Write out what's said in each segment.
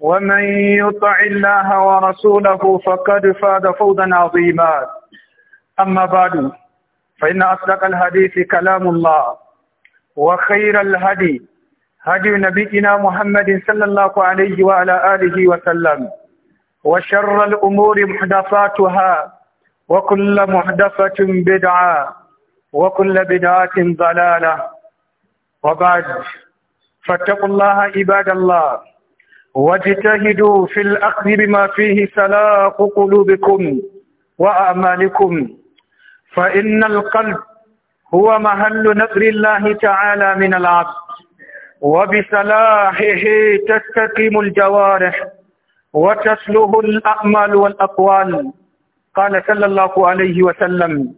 ومن يطع الله ورسوله فقد فاز فوزا عظيما أما بعد فإن أصدق الحديث كلام الله وخير الهدي هدي نبينا محمد صلى الله عليه وعلى آله وسلم وشر الأمور محدثاتها وكل محدثة بدعة وكل بدعة ضلالة وبعد فاتقوا الله عباد الله واجتهدوا في الأخذ بما فيه سلاق قلوبكم وأعمالكم فإن القلب هو محل نذر الله تعالى من العبد وبصلاحه تستقيم الجوارح وتسله الأعمال والأقوال قال صلى الله عليه وسلم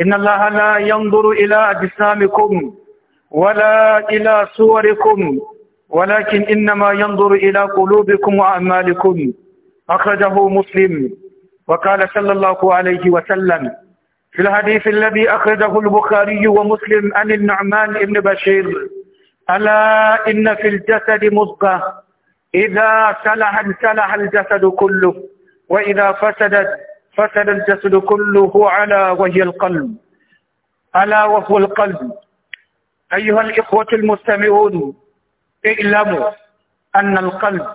إن الله لا ينظر إلى أجسامكم ولا إلى صوركم ولكن إنما ينظر إلى قلوبكم وأعمالكم أخرجه مسلم وقال صلى الله عليه وسلم في الحديث الذي أخرجه البخاري ومسلم عن النعمان بن بشير ألا إن في الجسد مضغة إذا سلح سلح الجسد كله وإذا فسدت فسد الجسد كله على وهي القلب ألا وهو القلب أيها الإخوة المستمعون اعلموا أن القلب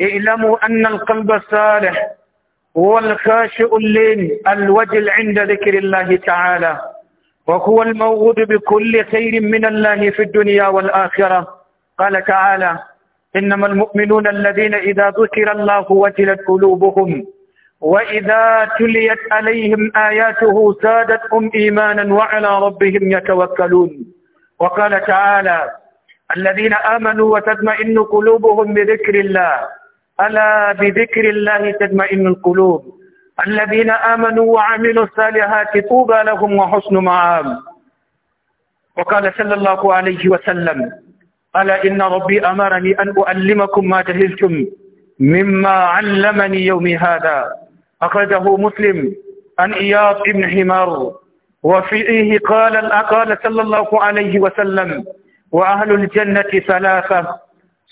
اعلموا أن القلب الصالح هو الخاشع اللين الوجل عند ذكر الله تعالى وهو الموعود بكل خير من الله في الدنيا والآخرة قال تعالى إنما المؤمنون الذين إذا ذكر الله وجلت قلوبهم وإذا تليت عليهم آياته زادتهم إيمانا وعلى ربهم يتوكلون وقال تعالى الذين آمنوا وتطمئن قلوبهم بذكر الله ألا بذكر الله تطمئن القلوب الذين آمنوا وعملوا الصالحات طوبى لهم وحسن معام وقال صلى الله عليه وسلم ألا إن ربي أمرني أن أعلمكم ما جهلتم مما علمني يومي هذا أخرجه مسلم عن إياط بن حمار وفيه قال قال صلى الله عليه وسلم وأهل الجنة ثلاثة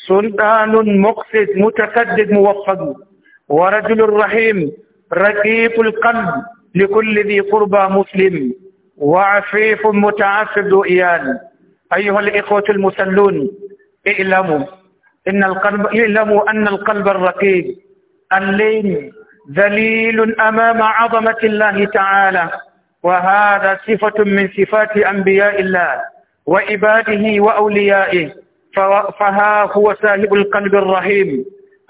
سلطان مقصد متسدد موفق ورجل رحيم رقيق القلب لكل ذي قربى مسلم وعفيف متعفف ذو إيان أيها الإخوة المسلون اعلموا إن القلب اعلموا أن القلب الرقيق اللين ذليل أمام عظمة الله تعالى وهذا صفة من صفات أنبياء الله وعباده وأوليائه فها هو صاحب القلب الرحيم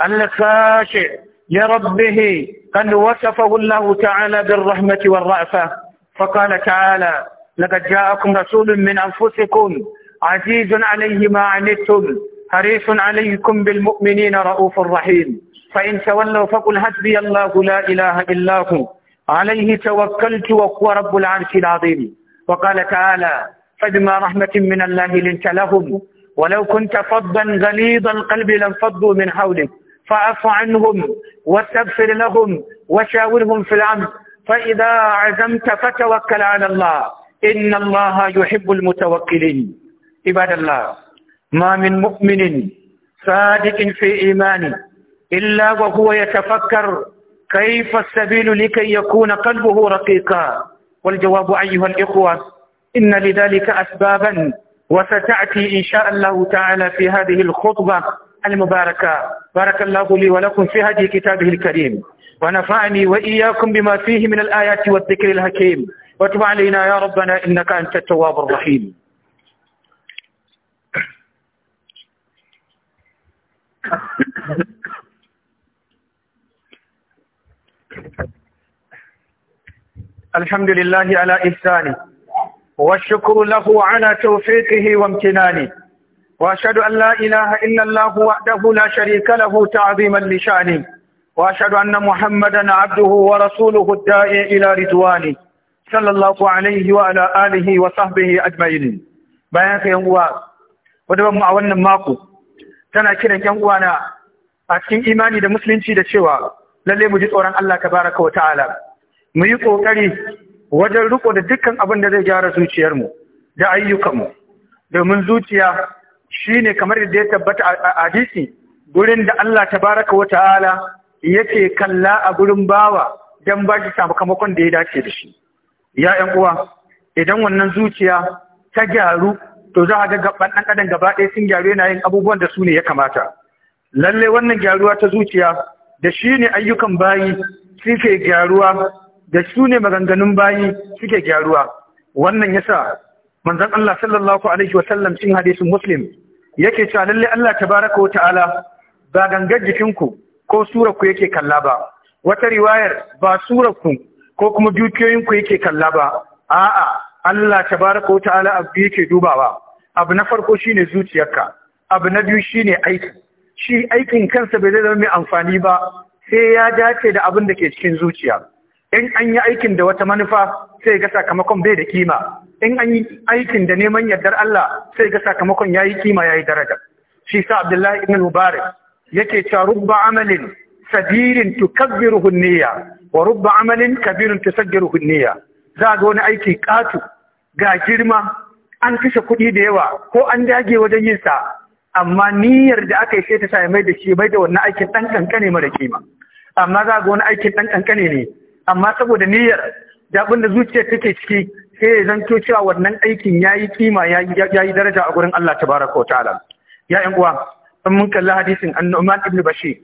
الخاشع لربه قد وصفه الله تعالى بالرحمة والرأفة فقال تعالى لقد جاءكم رسول من أنفسكم عزيز عليه ما عنتم حريص عليكم بالمؤمنين رؤوف رحيم فإن تولوا فقل حسبي الله لا إله إلا هو عليه توكلت وهو رب العرش العظيم وقال تعالى فبما رحمة من الله لنت لهم ولو كنت فظا غليظ القلب لانفضوا من حولك فاعف عنهم واستغفر لهم وشاورهم في الامر فاذا عزمت فتوكل على الله ان الله يحب المتوكلين عباد الله ما من مؤمن صادق في ايمانه الا وهو يتفكر كيف السبيل لكي يكون قلبه رقيقا والجواب ايها الاخوه إن لذلك أسبابا وستأتي إن شاء الله تعالى في هذه الخطبة المباركة بارك الله لي ولكم في هذه كتابه الكريم ونفعني وإياكم بما فيه من الآيات والذكر الحكيم وتب علينا يا ربنا إنك أنت التواب الرحيم الحمد لله على إحسانه والشكر له على توفيقه وامتنانه وأشهد أن لا إله إلا الله وحده لا شريك له تعظيما لشأنه وأشهد أن محمدا عبده ورسوله الداعي إلى رضوانه صلى الله عليه وعلى آله وصحبه أجمعين بيانك ينقوى ودبم أولنا ماكو tana kiran ‘yan uwana a cikin imani da musulunci da cewa lalle mu ji tsoron Allah tabaraka wa ta'ala mu yi ƙoƙari wajen riko da dukkan abin da zai gyara zuciyarmu da ayyukanmu domin zuciya shine kamar da ya tabbata a hadisi gurin da Allah tabaraka wa ta'ala yake kalla a gurin bawa don ba shi sakamakon da ya dace da shi ya ƴan uwa idan wannan zuciya ta gyaru to za a ga gaban ɗan adam gaba ɗaya sun gyaru yana yin abubuwan da su ne ya kamata lalle wannan gyaruwa ta zuciya da shi ne ayyukan bayi suke gyaruwa da su ne maganganun bayi suke gyaruwa wannan yasa manzon Allah sallallahu alaihi wasallam cin hadisin muslim yake cewa lalle Allah tabaraka wa ta'ala ba gangar jikinku ko ku yake kalla ba wata riwayar ba ku ko kuma dukiyoyin ku yake kalla ba a'a Allah tabaraka wa ta'ala abu yake dubawa abu na farko shine zuciyarka abu na biyu shine aiki shi aikin kansa bai zama mai amfani ba sai ya dace da abin da ke cikin zuciya in an yi aikin da wata manufa sai ga sakamakon bai da kima in an yi aikin da neman yardar Allah sai ga sakamakon yayi kima yayi daraja shi sa Abdullahi ibn Mubarak yake cewa rubba amalin sabirin tukabbiruhu niyya wa rubba amalin kabirin tusaggiruhu niyya za ga wani aiki katu ga girma an kashe kuɗi da yawa ko an dage wajen yin sa amma niyyar da aka yi sai ta sa mai da shi mai da wannan aikin dan kankane mara kima amma za ga wani aikin dan kankane ne amma saboda niyyar da da zuciyar take ciki sai ya zanto cewa wannan aikin yayi kima yayi daraja a gurin Allah baraka wa ta'ala ya ƴan uwa mun kalli hadisin annu'man ibn bashir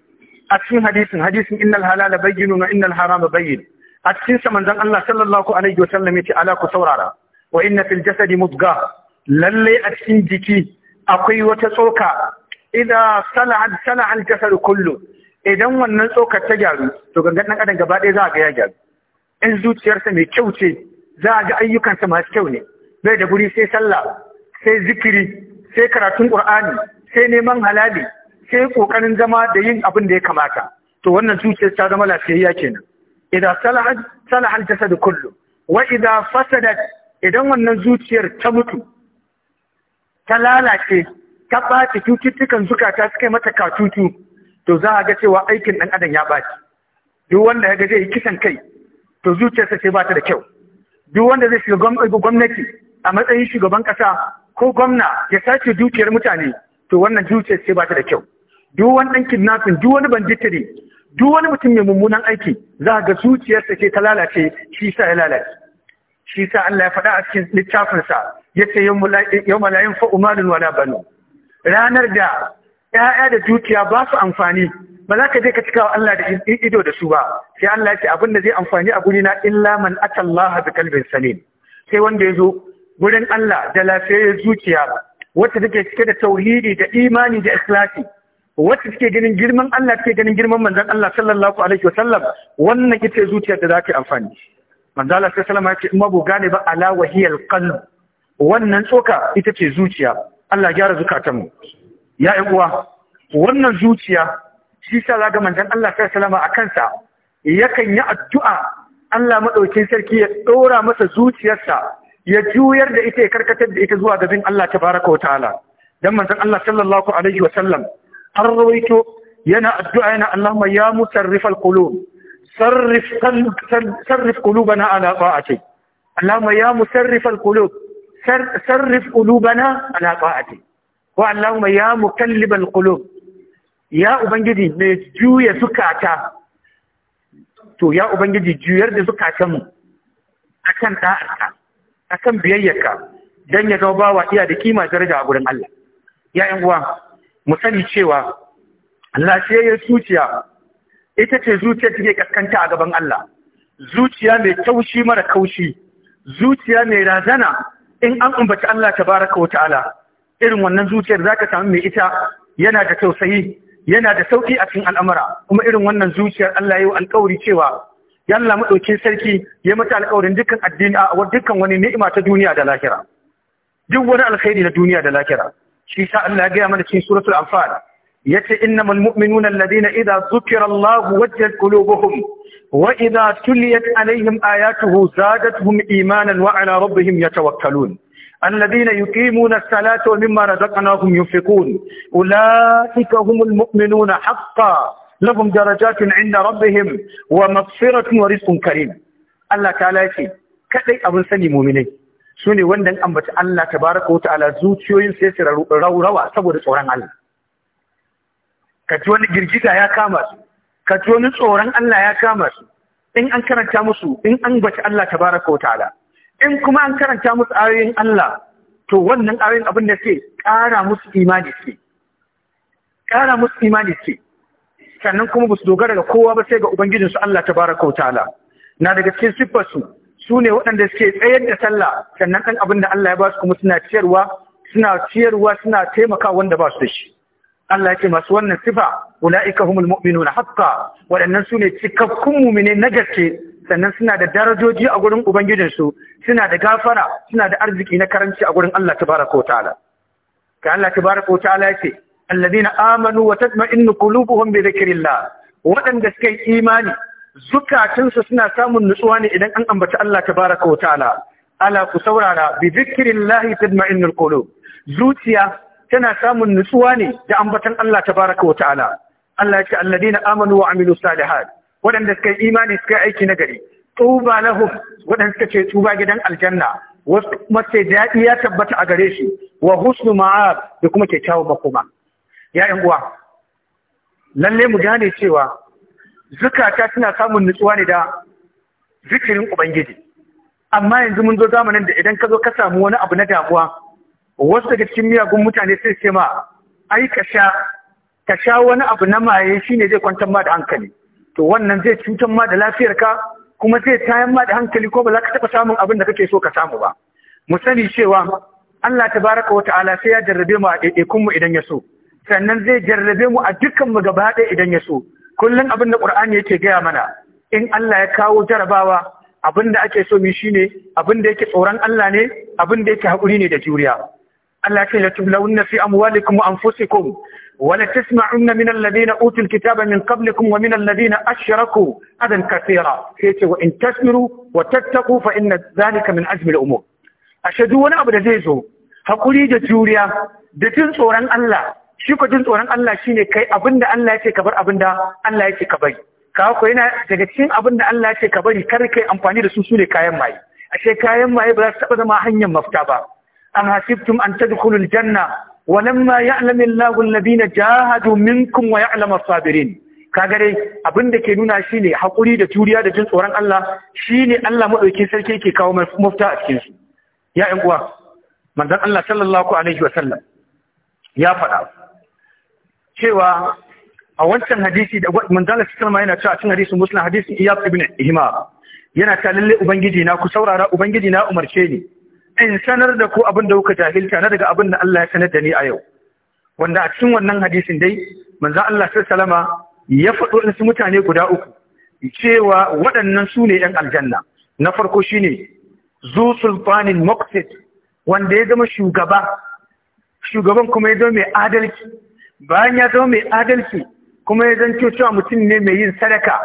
a cikin hadisin hadisin innal halala bayyinun wa innal harama bayyin a cikin sa manzon Allah sallallahu alaihi wa sallam ala ku saurara wa inna fil jasadi mudghah Lallai a cikin jiki akwai wata tsoka idza sala'at sala'al jasad kullu idan wannan tsokar ta gyaru to gangan ɗan adam gaba ɗaya za a ga ya gyaru in zuciyarsa mai kyau ce za a ga ayyukansa masu kyau ne bai da guri sai sallah sai zikiri sai karatun ƙur'ani sai neman halali sai ƙoƙarin zama da yin abin da ya kamata to wannan zuciyar ta zama lafiyayya kenan idan salahat salahal jasad kullu wa idan fasadat idan wannan zuciyar ta mutu ta lalace ta ɓaci cututtukan zukata suka mata katutu to za a ga cewa aikin ɗan adam ya ɓaci duk wanda ya ga yi kisan kai to zuciyarsa ce ba ta da kyau duk wanda zai shiga gwamnati a matsayin shugaban ƙasa ko gwamna ya sace dukiyar mutane to wannan zuciyar ce ba ta da kyau duk wani ɗan kidnapping duk wani banditiri duk wani mutum mai mummunan aiki za a ga zuciyarsa ce ta lalace shi sa ya lalace shi sa Allah ya faɗa a cikin littafinsa ya ce yau malayin fa'umalin wala banu ranar da 'ya'ya da dukiya ba su amfani ba za ka je ka cika wa Allah da ido da su ba sai Allah ya ce abin da zai amfani a guri na illa man atallaha bi kalbin salim sai wanda ya zo gurin Allah da lafiyar zuciya wacce take cike da tauhidi da imani da ikhlasi wacce take ganin girman Allah take ganin girman manzon Allah sallallahu alaihi wa sallam wannan ita zuciyar da za ta amfani manzo Allah sallallahu alaihi wasallam ya ce in gane ba ala wahiyal qalb wannan tsoka ita ce zuciya Allah gyara zukatanmu ya yi uwa wannan zuciya shi sa zaga manzon Allah sallallahu alaihi a kansa yakan yi addu'a Allah madaukin sarki ya ɗora masa zuciyarsa ya juyar da ita ya karkatar da ita zuwa gabin Allah tabaraka wa ta'ala dan manzon Allah sallallahu alaihi wa sallam an yana addu'a yana Allahumma ya musarrif al-qulub sarrif sarrif qulubana ala ta'atik Allahumma ya musarrif al sarrif qulubana ala ta'atik ko Allahumma ya mukallibal qulub ya ubangiji me juya zukata to ya ubangiji juyar da zukatanmu akan da'arka akan biyayyarka dan ya zama wa iya da kima daraja a gurin Allah ya yan uwa mu sani cewa Allah sai ya zuciya ita ce zuciya take kaskanta a gaban Allah zuciya mai taushi mara kaushi zuciya mai razana in an umbaci Allah tabaraka wa ta'ala irin wannan zuciyar zaka samu mai ita yana da tausayi yana da sauki a cikin al'amura kuma irin wannan zuciyar Allah ya yi alƙawari cewa ya Allah sarki ya mata alƙawarin dukkan addini a dukkan wani ni'ima ta duniya da lahira duk wani alkhairi na duniya da lahira shi sa Allah ya gaya mana cikin suratul anfal yace innamal mu'minuna alladhina idza dhukira Allah wajjat qulubuhum wa idza tuliyat alaihim ayatuhu zadatuhum imanan wa ala rabbihim yatawakkalun الذين يقيمون الصلاة ومما رزقناهم ينفقون أولئك هم المؤمنون حقا لهم درجات عند ربهم ومغفرة ورزق كريم الله تعالى يقول كذي أبن سني مؤمنين سوني وندن أنبت الله تبارك وتعالى زوتيوين سيسر رو روا سبور سوران الله كتوان جرجيتا يا كامس كتوان سوران الله يا كامس إن أنكرت تامسو إن أنبت الله تبارك وتعالى in kuma an karanta musu ayoyin Allah to wannan ayoyin abin da ke ƙara musu imani ce ƙara musu imani ce sannan kuma ba dogara ga kowa ba sai ga su Allah ta baraka wa ta'ala na daga cikin siffarsu su ne waɗanda suke tsayar da sallah sannan ɗan abin da Allah ya ba su kuma suna ciyarwa suna ciyarwa suna taimakawa wanda ba su da shi Allah ce masu wannan sifa ula'ika humul mu'minuna haqqa waɗannan su ne cikakkun mu'mine na gaske sannan suna da darajoji a gurin ubangijinsu suna da gafara suna da arziki na karanci a gurin Allah tabaraka wa ta'ala ka Allah tabaraka wa ta'ala yace alladhina amanu wa tatma'innu qulubuhum bi dhikrillah waɗanda suka yi imani zukatunsu suna samun nutsuwa ne idan an ambaci Allah tabaraka wa ta'ala ala ku saurara bi dhikrillah tatma'innul qulub zuciya tana samun nutsuwa ne da ambatan Allah tabaraka wa ta'ala Allah ya ce amanu wa Aminu salihat waɗanda suka yi imani suka yi aiki na gari tuba lahu waɗanda suka ce tuba gidan aljanna wasu kuma daɗi ya tabbata a gare shi wa husnu ma'ab da kuma ke kyawun makoma ya yan uwa lalle mu gane cewa zukata suna samun nutsuwa ne da zikirin ubangiji amma yanzu mun zo zamanin da idan ka zo ka samu wani abu na damuwa wasu daga cikin miyagun mutane sai ce ma ai ka sha ka sha wani abu na maye shine zai kwantar ma da hankali to wannan zai cutar ma da lafiyar ka kuma zai tayan ma da hankali ko ba za ka taɓa samun abin da kake so ka samu ba mu sani cewa Allah Ta baraka wa ta'ala sai ya jarrabe mu a ɗaiɗaikun mu idan ya so sannan zai jarrabe mu a dukkan mu gaba ɗaya idan ya so kullum abin da Qur'ani yake gaya mana in Allah ya kawo jarabawa abin da ake so mu shine abin da yake tsoron Allah ne abin da yake haƙuri ne da juriya Allah ce latublawunna fi amwalikum wa anfusikum wa la tasma'unna min alladhina utul kitaba min qablikum wa min alladhina ashraku adan kathira sai ce in tasbiru wa tattaqu fa inna dhalika min azmi al-umur ashe duk wani abu da zai zo hakuri da juriya da jin tsoron Allah shi ko jin tsoron Allah shine kai abinda Allah ya ce ka bar abinda Allah ya ce ka bari ka ko yana daga cikin abinda Allah ya ce ka bari kar kai amfani da su su kayan maye ashe kayan maye ba za su taba zama hanyar mafita ba أم حسبتم أن تدخلوا الجنة ولما يعلم الله الذين جاهدوا منكم ويعلم الصابرين kaga dai abin da ke nuna shi ne haƙuri da juriya da jin tsoron Allah shi ne Allah maɗauki sarki ke kawo mafita a cikinsu ya ‘yan uwa manzan Allah sallallahu alaihi wasallam ya faɗa cewa a wancan hadisi da manzan Allah sallallahu yana cewa cin hadisin musulun hadisin iyab ibn ihma yana ta lalle ubangiji na ku saurara ubangiji na umarce ni in sanar da ku abin da kuka jahilta na daga abin da Allah ya sanar da ni a yau wanda a cikin wannan hadisin dai manzo Allah sallama ya faɗo in su mutane guda uku cewa waɗannan su ne ‘yan aljanna na farko shi ne zu sulfanin moksit wanda ya zama shugaba shugaban kuma ya zama mai adalci bayan ya zama mai adalci kuma ya zanto cewa mutum ne mai yin sadaka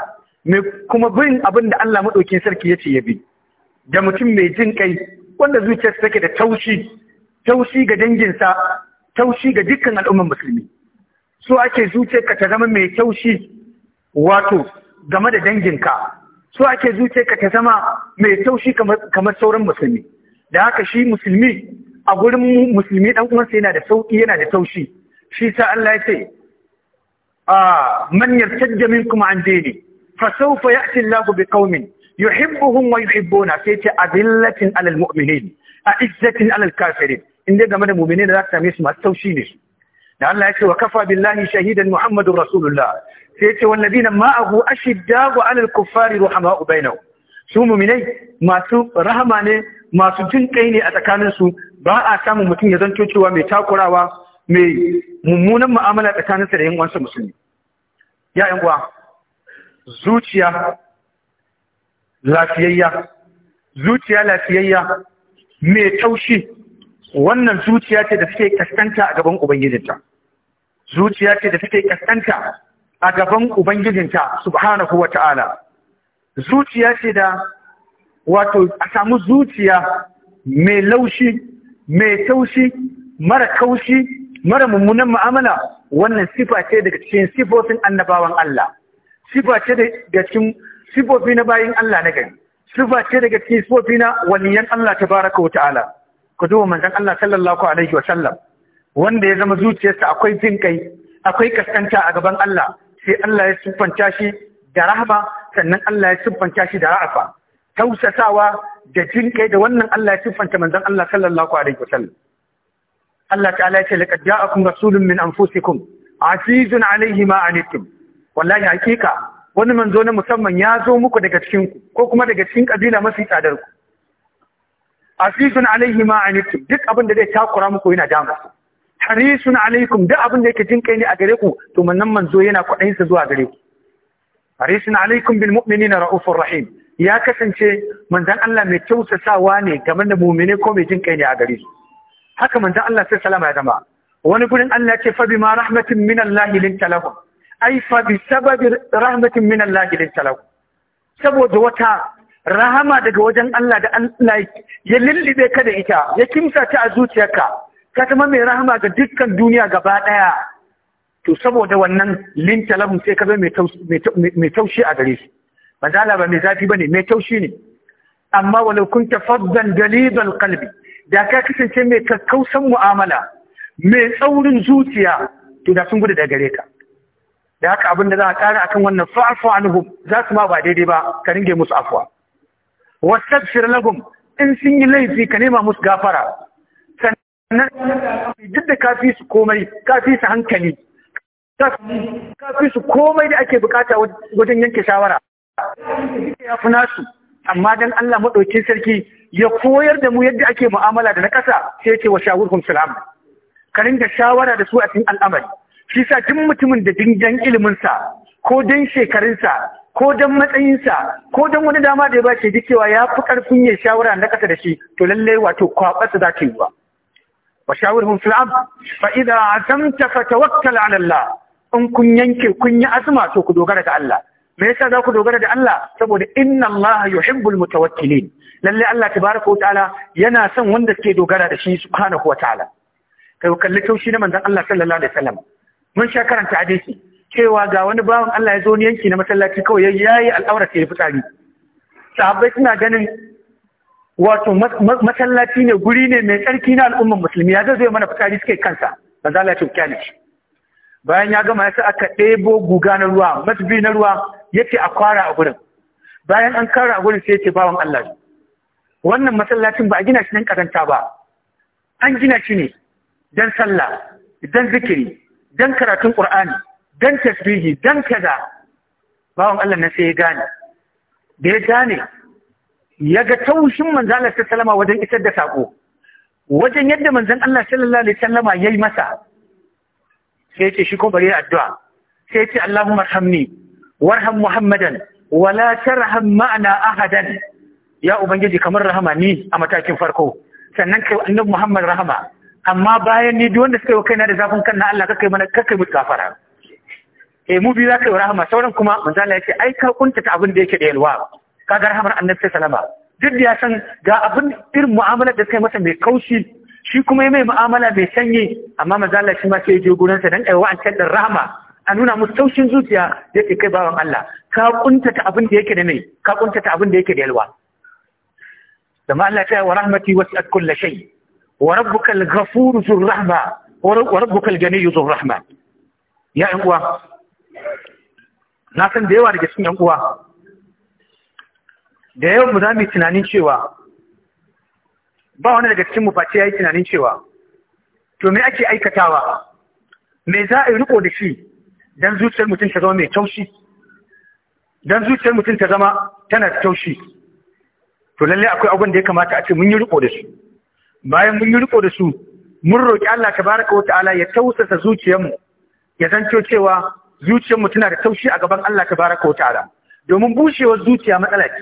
kuma bin abin da Allah maɗaukin sarki ya ce ya bi da mutum mai jin kai wanda zuciyarsa take da taushi taushi ga danginsa taushi ga dukkan al'ummar musulmi so ake zuciyarka ta zama mai taushi wato game da danginka so ake zuciyarka ta zama mai taushi kamar sauran musulmi da haka shi musulmi a gurin musulmi dan uwansa yana da sauki yana da taushi shi sa Allah ya ce a ah, man yartajja minkum an dini fa sawfa ya'ti Allahu biqaumin yuhibbuhum wa yuhibbuna sai ce azillatin alal mu'minin a izzatin alal kafirin inda game da mu'minin da za same su masu taushi ne su da Allah ya ce wa kafa billahi shahidan muhammadur rasulullah sai ce walladina ma'ahu ashiddagu alal kuffari ruhama'u bainahum su mu'minai masu rahama ne masu jin kai ne a tsakanin su ba a samun mutum ya zanto cewa mai takurawa mai mummunan mu'amala tsakanin sa da yan uwansa musulmi ya yan uwa zuciya lafiyayya zuciya lafiyayya mai taushi wannan zuciya ce da suke kaskanta a gaban ubangijinta zuciya ce da take kaskanta a gaban ubangijinta subhanahu ta’ala. zuciya ce da wato a samu zuciya mai laushi mai taushi mara kaushi mara mummunan ma'amala, wannan sifa ce daga cikin sifofin annabawan Allah sifa ce daga cikin sifofi na bayin Allah na gari sifa ce daga cikin sifofi na waliyan Allah tabaraka wa ta'ala ku duba manzon Allah sallallahu alaihi wa sallam wanda ya zama zuciyarsa akwai jin kai akwai kaskanta a gaban Allah sai Allah ya siffanta shi da rahma sannan Allah ya siffanta shi da ra'afa tausasawa da jin kai da wannan Allah ya siffanta manzon Allah sallallahu alaihi wa sallam Allah ta'ala ya ce laqad ja'akum rasulun min anfusikum azizun alaihi ma anittum wallahi hakika wani manzo na musamman ya zo muku daga ku, ko kuma daga cikin kabila mafi tsadar ku azizun alaihi anitum duk abin da zai takura muku yana dama harisun alaikum duk abin da yake jin kai ne a gare ku to wannan manzo yana kwaɗayin sa zuwa gare ku harisun alaikum bil mu'minina raufur rahim ya kasance manzon Allah mai kyautatawa ne game da mu'mine ko mai jin kai ne a gare su haka manzon Allah sai salama ya zama wani gurin Allah ya ce fa bima rahmatin min Allah linta lahum ai fa bi sababi rahmatin min Allah ilayka saboda wata rahama daga wajen Allah da Allah ya lullube ka da ita ya kimsa ta a zuciyarka ka zama mai rahama ga dukkan duniya gaba ɗaya. to saboda wannan lin talabun sai ka zama mai taushi a gare shi ba ba mai zafi ba ne, mai taushi ne amma walau ta faddan galibal kalbi, da ka kasance mai kakkausan mu'amala mai tsaurin zuciya to da sun gudu da gare ka da haka abin da za a ƙara akan wannan fa'afu afu anhum za su ma ba daidai ba ka ringe musu afwa wastaghfir lahum in sun yi laifi ka nema musu gafara sannan duk da kafi su komai kafi su hankali kafi su komai da ake bukata wajen yanke shawara ya fi nasu amma dan Allah madaukin sarki ya koyar da mu yadda ake mu'amala da na kasa sai ce wa shawurhum salam ka ringa shawara da su a cikin al'amari shi sa duk mutumin da dingan iliminsa ko don shekarunsa ko dan matsayinsa ko dan wani dama da ya bace duk cewa ya fi karfin ya shawara na ƙasa da shi to lalle wato kwabarsa za ta yi ba wa shawirhum fil fa idza azamta fatawakkal ala Allah in kun yanke kun yi azuma to ku dogara ga Allah me yasa za ku dogara da Allah saboda inna Allah yuhibbul mutawakkilin lalle Allah tabaraka wa ta'ala yana son wanda suke dogara da shi subhanahu wa ta'ala kai kalli taushi na manzon Allah sallallahu alaihi wasallam mun sha karanta hadisi cewa ga wani bawan Allah ya zo ni yanki na masallaci kawai ya yayi al'aura ta fitari sahabbai suna ganin wato masallaci ne guri ne mai tsarki na al'umman musulmi ya zai mana fitari suke kansa manzo za kyale shi bayan ya gama yasa aka ɗebo guga na ruwa masbi na ruwa yace a kwara a gurin bayan an kara a gurin sai yace bawan Allah wannan masallacin ba a gina shi nan karanta ba an gina shi ne dan sallah dan zikiri dan karatun Qur'ani dan tasbihi dan kaza bawon Allah na sai ya gane da ya gane ya ga taushin manzon Allah sallallahu wajen isar da sako wajen yadda manzon Allah sallallahu alaihi wasallama yayi masa sai ce shi ko bari addu'a sai ce Allahumma arhamni warham Muhammadan wala tarham ma'ana ahadan ya ubangiji kamar rahama ni a matakin farko sannan kai annabi Muhammad rahama amma bayan ni duk wanda suka yi kaina da zafin kan na Allah kakai mana kakai mutu gafara eh mu biyu ka yi rahama sauran kuma manzo ya ce ai ka kunta ta abin da yake da yalwa Ka ga rahamar annabi Salama. duk da ya san ga abin irin mu'amalar da kai masa mai kaushi shi kuma ya mai mu'amala mai sanyi amma manzo Allah shi ma sai je gurin sa dan ai wa'ancan din rahama a nuna musu taushin zuciya yake kai bawan Allah ka kunta ta abin da yake da mai ka kunta ta abin da yake da yalwa da Allah ya ce wa rahmati wasi'at kulli shay'in wa الغفور ذو الرحمة وربك الجني ذو الرحمة يا rahma ya yan uwa na san da yawa daga cikin yan uwa da yawan mu za mu yi tunanin cewa ba wani daga tunanin cewa to me ake aikatawa me za a da shi dan zuciyar mutum ta zama mai taushi dan zuciyar mutum ta zama tana taushi to lalle akwai abin da ya kamata a ce mun yi riko da su bayan mun yi riko da su mun roƙi Allah ta baraka wa ta'ala ya tausasa zuciyarmu ya zanto cewa zuciyarmu tana da taushi a gaban Allah ta baraka wa ta'ala domin bushewar zuciya matsala ce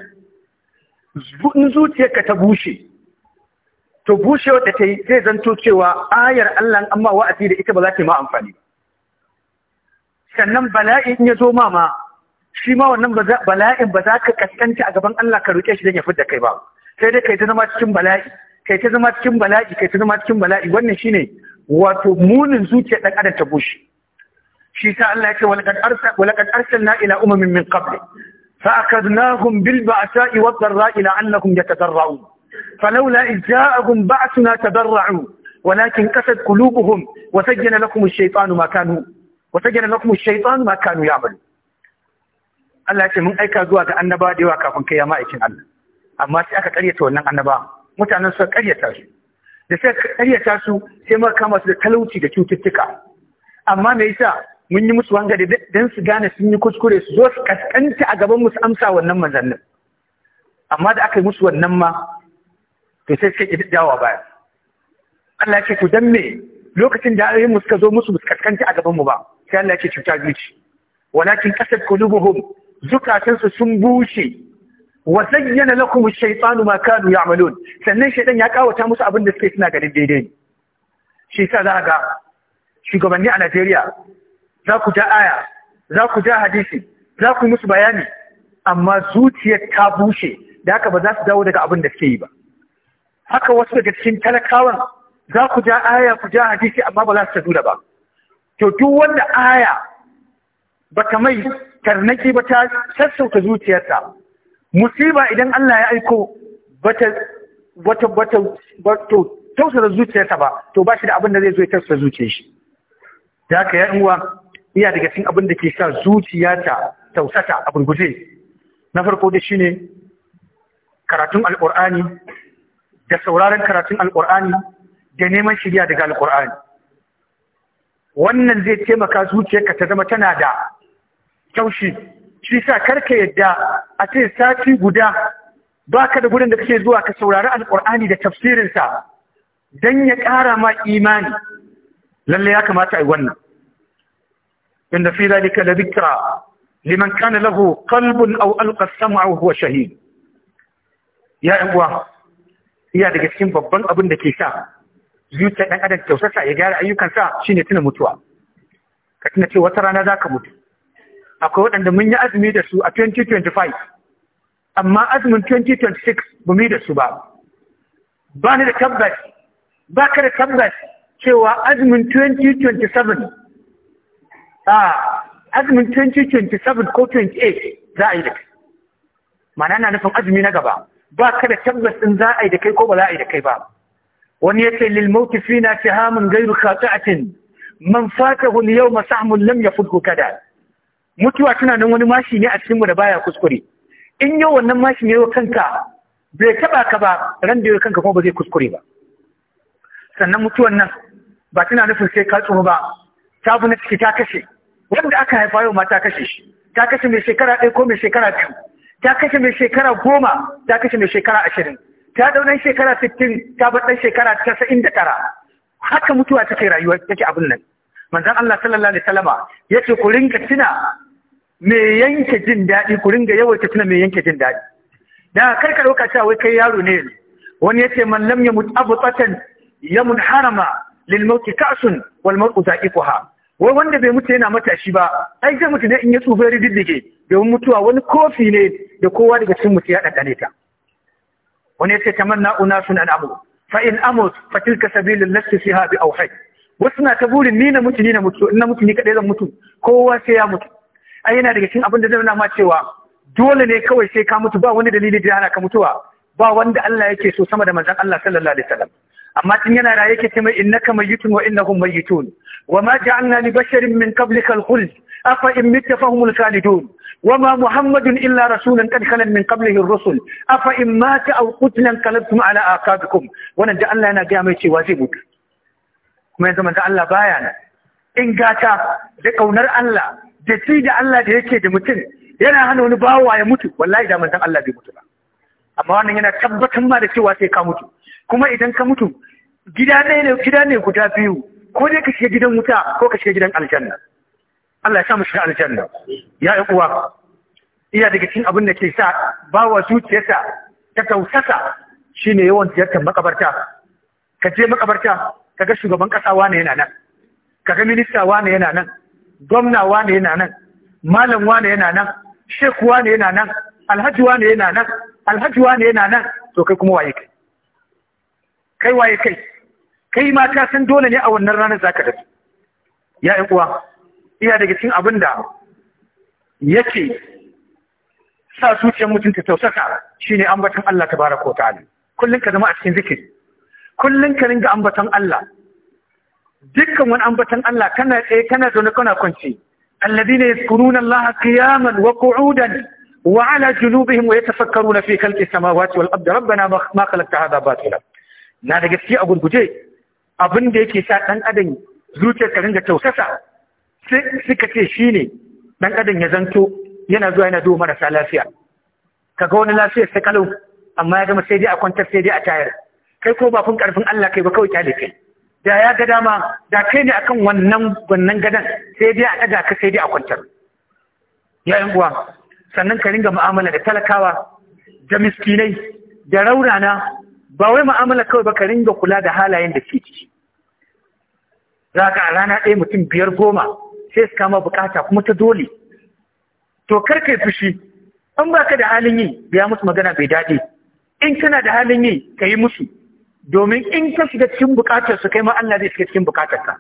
in zuciyarka ta bushe to bushewar da ta yi zai zanto cewa ayar Allah an amma wa'azi da ita ba za ta yi ma amfani sannan bala'i in ya zo ma ma shi ma wannan bala'in ba za ka kaskanta a gaban Allah ka roƙe shi don ya da kai ba sai dai kai ta zama cikin bala'i kai ta zama cikin bala'i kai ta zama cikin bala'i wannan shine wato munin zuciya dan adam ta bushe shi ta Allah ya ce walaqad arsal walaqad arsalna ila umamin min qabl fa akadnahum bil ba'sa'i wad dharra'i la'annahum yatadarra'un falawla idh ja'ahum ba'suna tadarra'u walakin qasad qulubuhum wa sajjana lakum ash-shaytanu ma kanu wa sajjana lakum ash-shaytanu ma kanu ya'malun Allah ya ce mun aika zuwa ga annaba da yawa kafin kai ya ma'aikin Allah amma sai aka karyata wannan annaba mutanen suka karyata su da suka karyata su sai muka kama su da talauci da cututtuka amma me yasa mun yi musu wanga dan su gane sun yi kuskure su zo su kaskanta a gaban musu amsa wannan manzannin amma da aka yi musu wannan ma to sai suka kidda dawa baya Allah ya ce ku dan me lokacin da ayoyin musu ka zo musu su kaskanta a gaban mu ba sai Allah ya ce cuta zuci walakin kasat qulubuhum zukatansu sun bushe wa zayyana lakum ash-shaytanu ma kanu ya'malun sannan shaytan ya kawata musu abin da suke suna ga daidai shi sa za ga shugabanni a Najeriya za ku ja aya za ku ja hadisi za ku musu bayani amma zuciyar ta bushe da haka ba za su dawo daga abin da suke yi ba haka wasu daga cikin talakawan za ku ja aya ku ja hadisi amma ba za su tafi da ba to duk wanda aya ba ta mai tarnaki ba ta sassauta zuciyarsa musiba idan Allah ya aiko bata wata bata wato zuciyarsa ba to ba shi da abin da zai zo ya tausasa zuciyar shi da haka ya uwa iya daga cikin abin da ke sa zuciya ta tausata a gurguje na farko da shine karatun alqur'ani da sauraron karatun alqur'ani da neman shirya daga alqur'ani wannan zai taimaka zuciyarka ta zama tana da taushi shi sa karka yadda a ce sati guda ba ka da gurin da kake zuwa ka saurari Alƙur'ani da tafsirinsa don ya ƙara ma imani lalle ya kamata yi wannan inda fi zalika da dhikra liman kana lahu qalbun aw alqa as-sam'a huwa shahid ya uwa iya daga cikin babban abin da ke sa zuciya ɗan adam tausasa ya gyara ayyukansa shine tuna mutuwa ka tuna ce wata rana zaka mutu akwai waɗanda mun yi azumi da su a 2025 amma azumin 2026 ba mu yi da su ba ba ni da tabbas ba ka da tabbas cewa azumin 2027 a azumin 2027 ko 28 za a yi da kai mana na nufin azumi na gaba ba ka da tabbas ɗin za a yi da kai ko ba za a yi da kai ba wani ya ce lil mauti fina shahamun gairu qati'atin man fatahu al-yawma sahmun lam yafuthu kada mutuwa tana nan wani mashi ne a cikin mu da baya kuskure in yau wannan mashi ne kanka bai taba ka ba ran da kanka kuma ba zai kuskure ba sannan mutuwan nan ba tana nufin sai ka tsoro ba ta bu na ciki ta kashe wanda aka haifa yau ma ta kashe shi ta kashe mai shekara ɗaya ko mai shekara biyu ta kashe mai shekara goma ta kashe mai shekara ashirin ta ɗaunan shekara sittin ta baɗan shekara casa'in da tara haka mutuwa take rayuwa take abin nan manzon Allah sallallahu alaihi wasallama yace ku rinka tuna mai yanke jin daɗi ku ringa yawaita tuna mai yanke jin daɗi da kar ka wai kai yaro ne wani ya ce man lam yamut abqatan mun harama lil mauti ka'sun wal mar'u zaqiquha wai wanda bai mutu yana matashi ba ai zai mutu ne in ya tsufa rididdige domin mutuwa wani kofi ne da kowa daga cikin mutu ya ɗanɗane ta wani ya ce tamanna unasun an amur fa in amut fa tilka sabilul nafsi fiha bi wasu na ta burin ni na mutu ni na mutu in na mutu ni kadai zan mutu kowa sai ya mutu ai yana daga cikin abin da zai ma cewa dole ne kawai sai ka mutu ba wani dalili da hana ka mutuwa ba wanda Allah yake so sama da manzon Allah sallallahu alaihi wasallam amma tun yana raye yake ce mai innaka mayyitun wa innahum mayyitun wa ma ja'alna li basharin min qablika al-khuld afa in mitta fahumul khalidun وما محمد إلا رسول قد خلت من قبله الرسل أفإن مات أو قتل انقلبتم على آقابكم wannan da Allah yana gaya mai cewa zai mutu kuma yanzu manzo Allah baya nan in gata da kaunar Allah da shi da Allah da yake da mutum yana hana wani bawa ya mutu wallahi da manzon Allah bai mutu ba amma wannan yana tabbatar ma da cewa sai ka mutu kuma idan ka mutu gida ne ne gida ne guda biyu ko dai ka shiga gidan wuta ko ka shiga gidan aljanna Allah ya sa mu shiga aljanna ya yi uwa iya daga cikin abin da ke sa bawa zuciyarsa ta tausasa shine yawan ziyartar makabarta ka je makabarta ka ga shugaban kasa wane yana nan ka ga minista wane yana nan gwamna wane yana nan malam wane yana nan shek wane yana nan alhaji wane yana nan alhaji wane yana nan to kai kuma waye kai kai waye kai kai ma ka san dole ne a wannan ranar zaka da ya ƴan uwa iya daga cikin abin da yake sa zuciyar mutum ta tausasa shine ambaton Allah tabaraka wa ta'ala kullun ka zama a cikin zikiri kullun ka ringa ambaton Allah dukkan wani ambatan Allah kana tsaye kana zaune kana kwance alladhina yadhkuruna Allah qiyaman wa qu'udan wa ala junubihim wa yatafakkaruna fi khalqis samawati wal ardi rabbana ma khalaqta hadha batila na da gaskiya a gurguje abin da yake sa dan adam zuciyar ka ringa tausasa suka ce shine dan adam ya zanto yana zuwa yana duba marasa lafiya kaga wani lafiyar sai kalau amma ya gama sai dai a kwantar sai dai a tayar kai ko ba kun karfin Allah kai ba kawai kyale kai da ya ga dama da kai ne akan wannan wannan gadan sai dai a ɗaga ka sai dai a kwantar yayin uwa sannan ka ringa ma'amala da talakawa da miskinai da raurana ba wai mu'amala kawai ba ka ringa kula da halayen da ke ciki za ka a rana ɗaya mutum biyar goma sai su kama bukata kuma ta dole to kar kai fushi in ba ka da halin yi biya musu magana bai daɗi in kana da halin yi ka yi musu domin in ka shiga cikin bukatar su kai ma Allah zai shiga cikin bukatar ka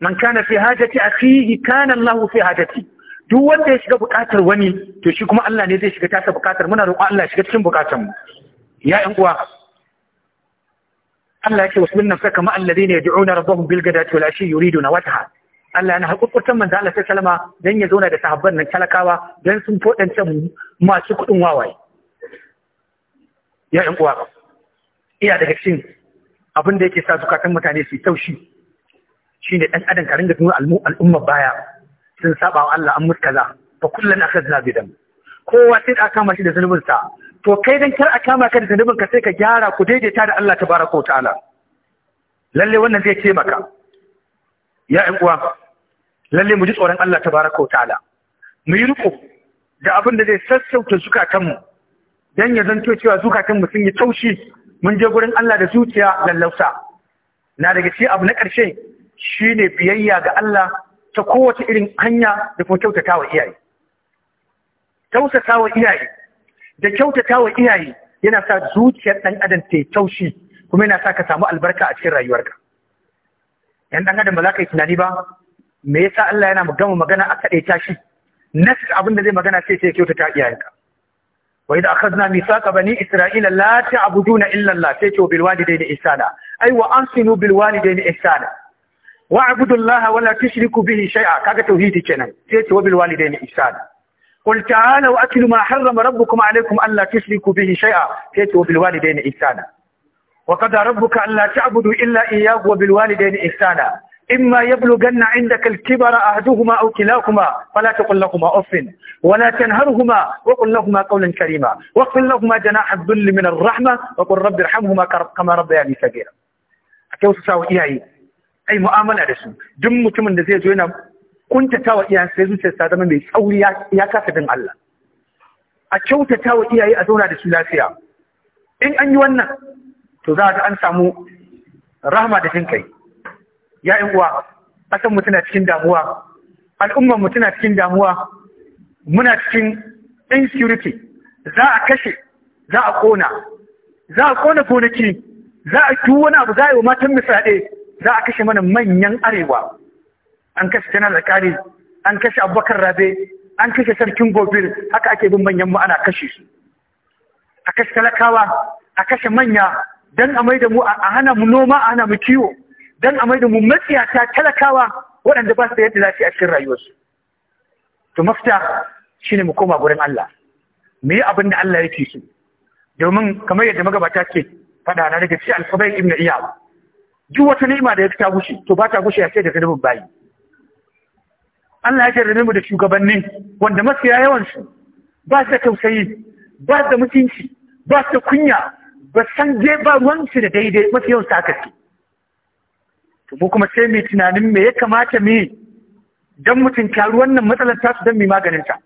man kana fi hajati akhihi kana Allah fi hajati duk wanda ya shiga bukatar wani to shi kuma Allah ne zai shiga tasa bukatar muna roƙon Allah shiga cikin bukatar mu ya ƴan uwa Allah yake wasmin nafsa kama alladhina yad'una rabbahum bil ghadati wal ashi yuriduna wajha Allah yana hakurkurtan manzo Allah sallallahu alaihi dan ya zauna da sahabban nan talakawa dan sun fodance masu kudin wawaye ya ƴan uwa iya daga cikin abin da yake sa zukatan mutane su yi taushi ne ɗan adam karin ringa tuna al'umma baya sun saba wa Allah an ba kullum fa aka zina bidan kowa sai aka kama shi da zunubinsa, to kai dan kar a kama ka da zunubin ka sai ka gyara ku daidaita da Allah ta tabaraka ta'ala lalle wannan zai ce maka ya ƴan uwa lalle mu ji tsoron Allah ta tabaraka ta'ala mu yi riko da abin da zai sassauta zukatanmu dan ya zanto cewa zukatanmu sun yi taushi mun je gurin Allah da zuciya lallausa na daga ci abu na ƙarshe shi ne biyayya ga Allah ta kowace irin hanya da kuma kyautata wa iyaye kyautata wa iyaye da kyautata wa iyaye yana sa zuciyar ɗan adam ta yi taushi kuma yana sa ka samu albarka a cikin rayuwarka yan ɗan adam ba za ka yi tunani ba me yasa Allah yana gama magana a kaɗai tashi nas abin da zai magana sai sai kyautata iyayenka wa idza akhadna mithaqa bani isra'ila la na illa Allah sai ce bil walidayni ihsana ai wa ansinu bil walidayni ihsana wa a'budu Allah wa la tushriku bihi kaga tauhidi kenan sai ce wa bil walidayni ihsana قل تعالوا أكل ما حرم ربكم عليكم ألا تشركوا به شيئا فيتوا بالوالدين إحسانا وقد ربك ألا تعبدوا إلا إياه وبالوالدين إحسانا إما يبلغن عندك الكبر أحدهما أو كلاهما فلا تقل لهما أف ولا تنهرهما وقل لهما قولا كريما واغفر لهما جناح الذل من الرحمة وقل رب ارحمهما كما ربياني صغيرا أكيوس ساو إياي أي مؤاملة دسو دم متمن da zai zo yana kuntata wa iyayen sai zuciyarsa zama mai tsauri ya kasa bin Allah a kyautata wa iyaye a zauna da su lafiya in an yi wannan to za a ga an samu rahama da jin kai ya yan uwa ƙasar mu tana cikin damuwa al'ummar mu tana cikin damuwa muna cikin insecurity za a kashe za a kona za a kona gonaki za a yi wani abu za a yi wa matan misaɗe za a kashe mana manyan arewa an kashe janar zakari an kashe abubakar rabe an kashe sarkin gobir haka ake bin manyan mu ana kashe su a kashe talakawa a kashe manya don a mai da mu a hana mu noma a hana mu kiwo don a mai da mu ta talakawa waɗanda ba su da yadda lafiya a cikin rayuwarsu to mafita shi ne mu koma gurin Allah mu yi abin da Allah yake so domin kamar yadda magabata ke faɗa na daga cikin alfabai ibn iyawa, duk wata ni'ima da ya ta gushe to ba ta gushe a ce da bayi Allah ya jarrabe mu da shugabanni wanda mafiya yawansu ba su da tausayi ba su da mutunci ba su da kunya ba san je ba ruwansu da daidai mafi yawan aka ce mu kuma sai mai tunanin me ya kamata mu yi don mu kyaru wannan matsalar tasu don mu maganin ta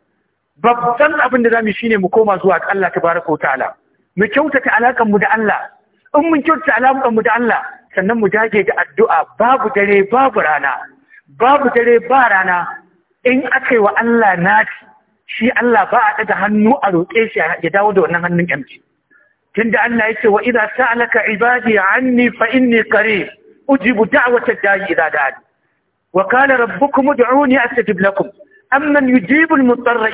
babban abin da zamu shine mu koma zuwa ga Allah wa ta'ala mu kyautata alakan mu da Allah in mun kyautata alakan mu da Allah sannan mu dage da addu'a babu dare babu rana babu dare ba rana in aka yi wa Allah naci shi Allah ba a daga hannu a roƙe shi ya dawo da wannan hannun yamci tunda Allah yake wa idza sa'alaka ibadi anni fa inni qareeb أجيب دعوة الداعي إذا دعاني وقال ربكم ادعوني أستجب لكم أمن يجيب المضطر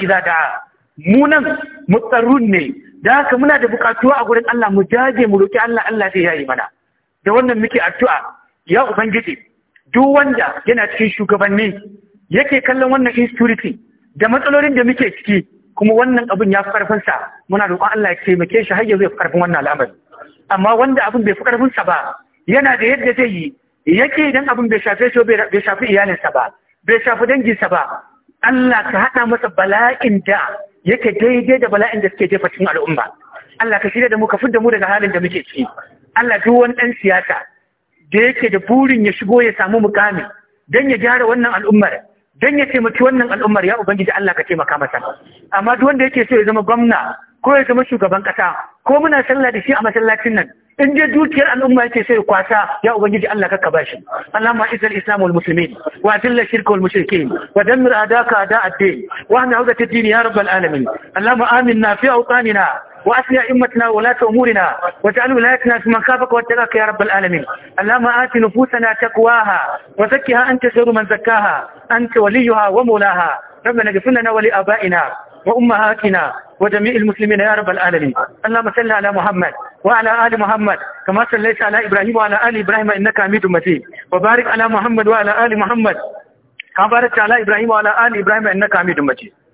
munan mutsarrun ne da haka muna da bukatuwa a gurin Allah mu jaje mu roki Allah Allah zai yayi mana da wannan muke addu'a ya ubangiji duk wanda yana cikin shugabanni yake kallon wannan insecurity da matsalolin da muke ciki kuma wannan abin ya fi karfin sa muna roƙon Allah ya taimake shi har ya zai fi karfin wannan al'amari amma wanda abin bai fi karfin ba yana da yadda zai yi yake idan abin bai shafe shi bai shafi iyalinsa ba bai shafi danginsa ba Allah ka haɗa masa bala'in da yake daidai da bala'in da suke jefa cikin al'umma Allah ka shirya da mu ka fidda mu daga halin da muke ciki Allah duk wani ɗan siyasa da yake da burin ya shigo ya samu mukami dan ya gyara wannan al'ummar dan ya taimaki wannan al'ummar ya ubangiji Allah ka taimaka masa amma duk wanda yake so ya zama gwamna ko ya zama shugaban kasa ko muna sallah da shi a masallacin nan in je dukiyar al'umma yake sai kwasa ya ubangiji Allah ka bashi Allahumma izal islam wal muslimin wa adilla shirka wal mushrikin wa dammir adaka ada ad-din wa ahna hawdat ad-din ya rabbal alamin Allahumma aminna fi awtanina wa asliya immatna wa lata umurina waj'al wilayatana fi man khafaka wattaqaka ya rabbal alamin Allahumma ati nufusana taqwaha wa zakkiha anta khairu man zakkaha anta waliyuha wa mawlaha ربنا اغفر لنا ولآبائنا وأمهاتنا وجميع المسلمين يا رب العالمين اللهم صل على محمد وعلى آل محمد كما صليت على إبراهيم وعلى آل إبراهيم إنك حميد مجيد وبارك على محمد وعلى آل محمد كما باركت على إبراهيم وعلى آل إبراهيم إنك حميد مجيد